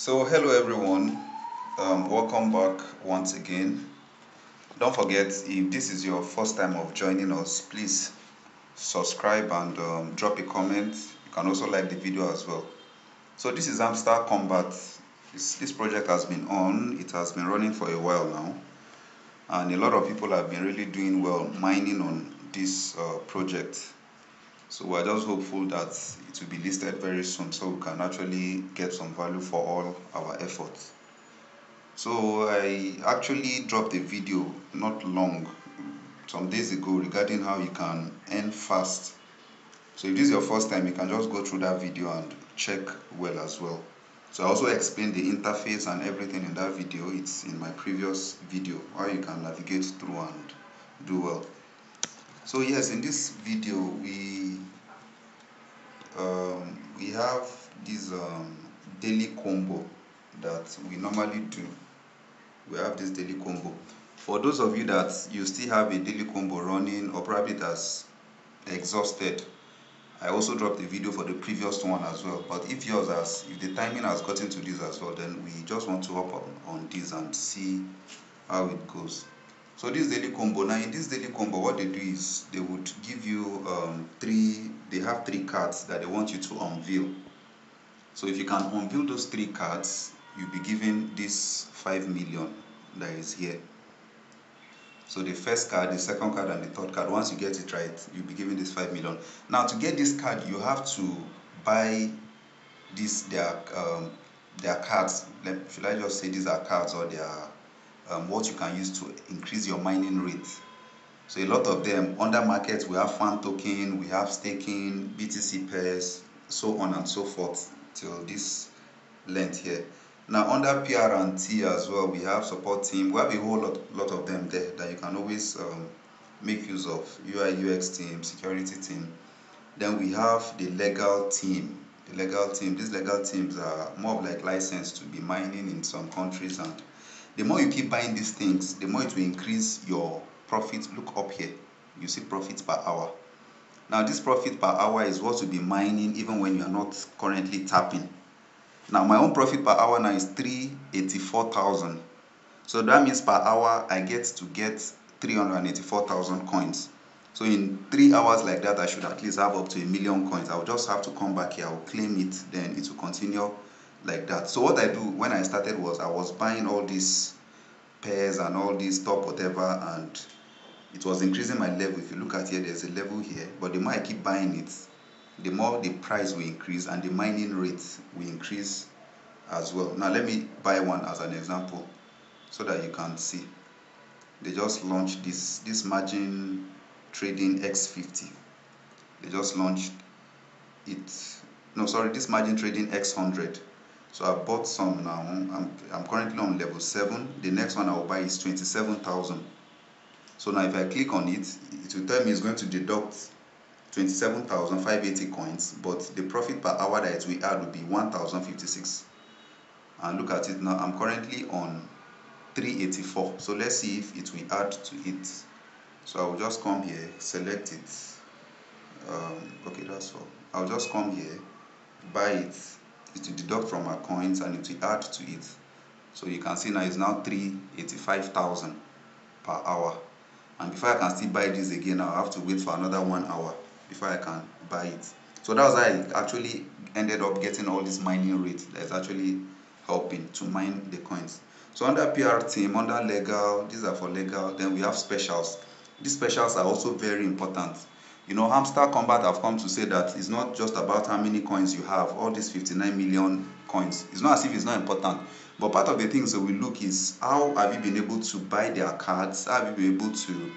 So hello everyone, um, welcome back once again. Don't forget if this is your first time of joining us, please subscribe and um, drop a comment. You can also like the video as well. So this is Amstar Combat. This, this project has been on, it has been running for a while now. And a lot of people have been really doing well mining on this uh, project. So we're just hopeful that it will be listed very soon so we can actually get some value for all our efforts. So I actually dropped a video not long, some days ago regarding how you can earn fast. So if this is your first time, you can just go through that video and check well as well. So I also explained the interface and everything in that video. It's in my previous video how you can navigate through and do well so yes in this video we um, we have this um, daily combo that we normally do we have this daily combo for those of you that you still have a daily combo running or probably that's exhausted I also dropped the video for the previous one as well but if yours has if the timing has gotten to this as well then we just want to hop on, on this and see how it goes so this daily combo, now in this daily combo, what they do is they would give you um, three, they have three cards that they want you to unveil. So if you can unveil those three cards, you'll be given this 5 million that is here. So the first card, the second card, and the third card, once you get it right, you'll be given this 5 million. Now to get this card, you have to buy this, their, um, their cards. Should I just say these are cards or they are um, what you can use to increase your mining rate. So a lot of them under market we have fan token, we have staking, BTC pairs, so on and so forth till this length here. Now under PR and T as well we have support team. We have a whole lot, lot of them there that you can always um, make use of. UI UX team, security team. Then we have the legal team legal team. These legal teams are more of like licensed to be mining in some countries and the more you keep buying these things the more it will increase your profit look up here you see profit per hour now this profit per hour is what you'll be mining even when you are not currently tapping now my own profit per hour now is 384,000 so that means per hour I get to get 384,000 coins so in three hours like that I should at least have up to a million coins I'll just have to come back here I'll claim it then it will continue like that so what i do when i started was i was buying all these pairs and all these top whatever and it was increasing my level if you look at here there's a level here but the more i keep buying it the more the price will increase and the mining rate will increase as well now let me buy one as an example so that you can see they just launched this this margin trading x50 they just launched it no sorry this margin trading x100 so I bought some now. I'm, I'm currently on level 7. The next one I'll buy is 27,000. So now if I click on it, it will tell me it's going to deduct 27,580 coins, but the profit per hour that we add will be 1,056. And look at it now. I'm currently on 384. So let's see if it will add to it. So I'll just come here, select it. Um, okay, that's all. I'll just come here, buy it is to deduct from our coins and it will add to it so you can see now it's now 385,000 per hour and before I can still buy this again I'll have to wait for another one hour before I can buy it so that was how I actually ended up getting all this mining rate that's actually helping to mine the coins so under PR team under legal these are for legal then we have specials these specials are also very important you know, hamster combat, I've come to say that it's not just about how many coins you have, all these 59 million coins. It's not as if it's not important. But part of the things that we look is how have you been able to buy their cards? How have you been able to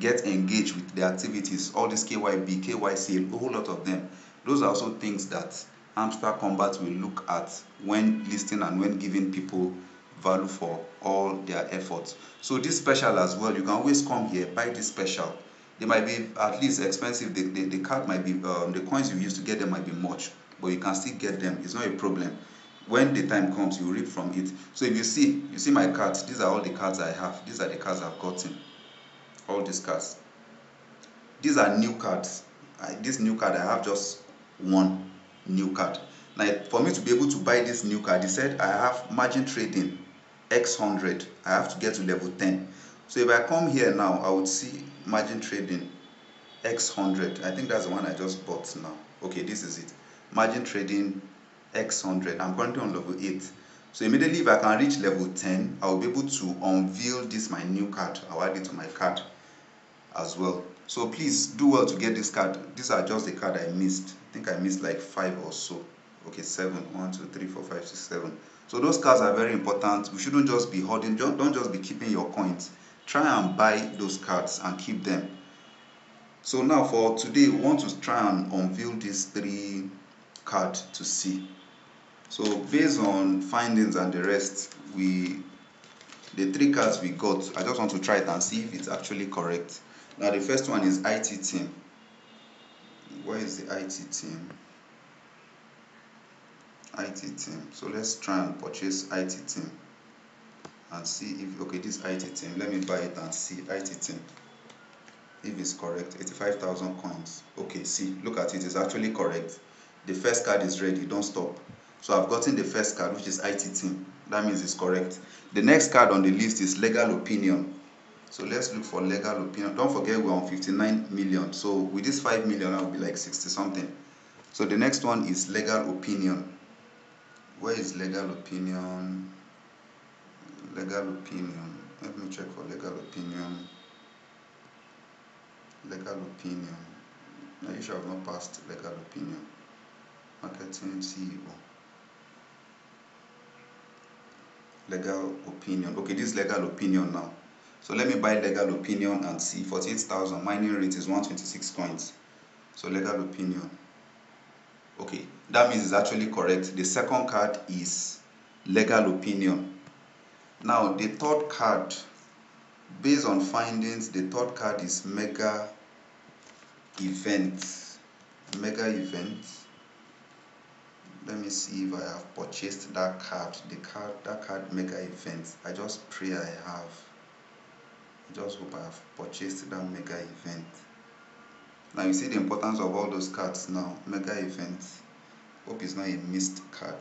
get engaged with the activities? All these KYB, KYC, a whole lot of them. Those are also things that hamster combat will look at when listing and when giving people value for all their efforts. So this special as well, you can always come here, buy this special they might be at least expensive the, the, the card might be um, the coins you use to get them might be much but you can still get them it's not a problem when the time comes you reap from it so if you see you see my cards these are all the cards i have these are the cards i've gotten all these cards these are new cards I, this new card i have just one new card now for me to be able to buy this new card he said i have margin trading x100 i have to get to level 10 so if I come here now, I would see margin trading X100. I think that's the one I just bought now. Okay, this is it. Margin trading X100. I'm currently on level 8. So immediately if I can reach level 10, I'll be able to unveil this my new card. I'll add it to my card as well. So please do well to get this card. These are just the card I missed. I think I missed like five or so. Okay, seven. One, two, three, four, five, six, seven. So those cards are very important. We shouldn't just be holding, don't just be keeping your coins try and buy those cards and keep them so now for today we want to try and unveil these three cards to see so based on findings and the rest we the three cards we got i just want to try it and see if it's actually correct now the first one is it team where is the it team it team so let's try and purchase it team and see if okay this IT team let me buy it and see IT team if it's correct 85,000 coins okay see look at it it's actually correct the first card is ready don't stop so I've gotten the first card which is IT team that means it's correct the next card on the list is legal opinion so let's look for legal opinion don't forget we're on 59 million so with this 5 million I'll be like 60 something so the next one is legal opinion where is legal opinion legal opinion let me check for legal opinion legal opinion now you should have not passed legal opinion marketing ceo legal opinion okay this legal opinion now so let me buy legal opinion and see 14000 mining rate is 126 coins so legal opinion okay that means it's actually correct the second card is legal opinion now the third card, based on findings, the third card is mega event. Mega event. Let me see if I have purchased that card. The card that card mega event. I just pray I have. I just hope I have purchased that mega event. Now you see the importance of all those cards now. Mega event. Hope it's not a missed card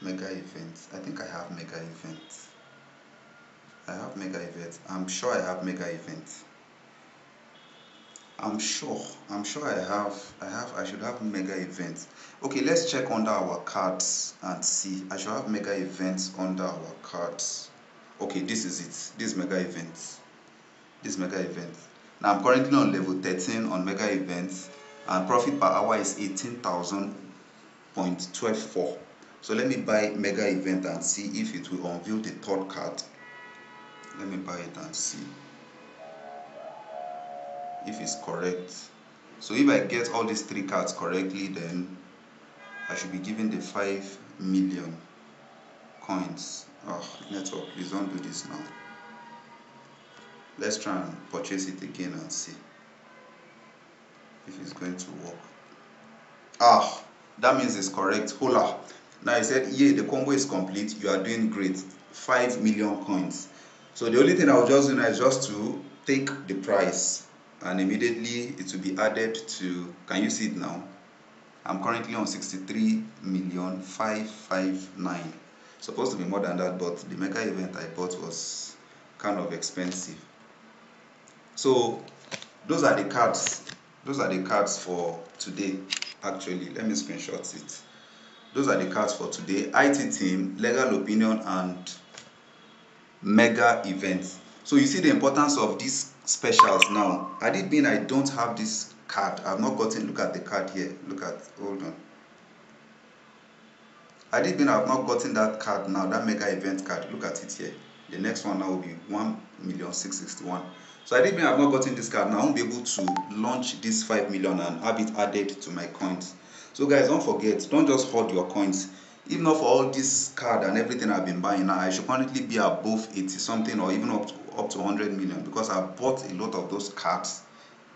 mega events i think i have mega events i have mega events i'm sure i have mega events i'm sure i'm sure i have i have i should have mega events okay let's check under our cards and see i should have mega events under our cards okay this is it this mega events this mega events now i'm currently on level 13 on mega events and profit per hour is 18,000.124 so let me buy mega event and see if it will unveil the third card let me buy it and see if it's correct so if i get all these three cards correctly then i should be given the 5 million coins oh network please don't do this now let's try and purchase it again and see if it's going to work ah that means it's correct hola now he said, yeah, the combo is complete. You are doing great. 5 million coins. So the only thing I'll just do now is just to take the price and immediately it will be added to, can you see it now? I'm currently on 63 million 559. Supposed to be more than that, but the mega event I bought was kind of expensive. So those are the cards. Those are the cards for today. Actually, let me screenshot it. Those are the cards for today. IT team, legal opinion, and mega events. So you see the importance of these specials now. I did mean I don't have this card. I've not gotten, look at the card here. Look at, hold on. I did mean I've not gotten that card now, that mega event card. Look at it here. The next one now will be 1,661. So I did mean I've not gotten this card now. I won't be able to launch this 5 million and have it added to my coins. So guys, don't forget, don't just hoard your coins. If not for all this card and everything I've been buying now, I should currently be above 80 something or even up to, up to 100 million because I bought a lot of those cards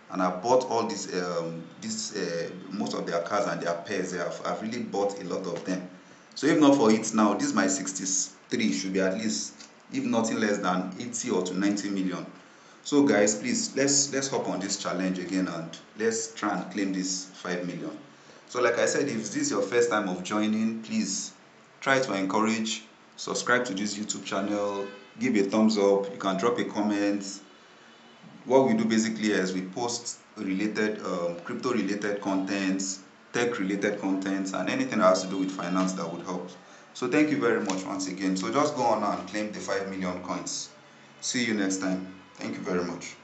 and I bought all these, um, this, uh, most of their cards and their pairs. I've, I've really bought a lot of them. So if not for it now, this my 63 should be at least, if nothing less than 80 or to 90 million. So guys, please, let's, let's hop on this challenge again and let's try and claim this 5 million. So like I said, if this is your first time of joining, please try to encourage, subscribe to this YouTube channel, give a thumbs up, you can drop a comment. What we do basically is we post related um, crypto related contents, tech related contents and anything that has to do with finance that would help. So thank you very much once again. So just go on and claim the 5 million coins. See you next time. Thank you very much.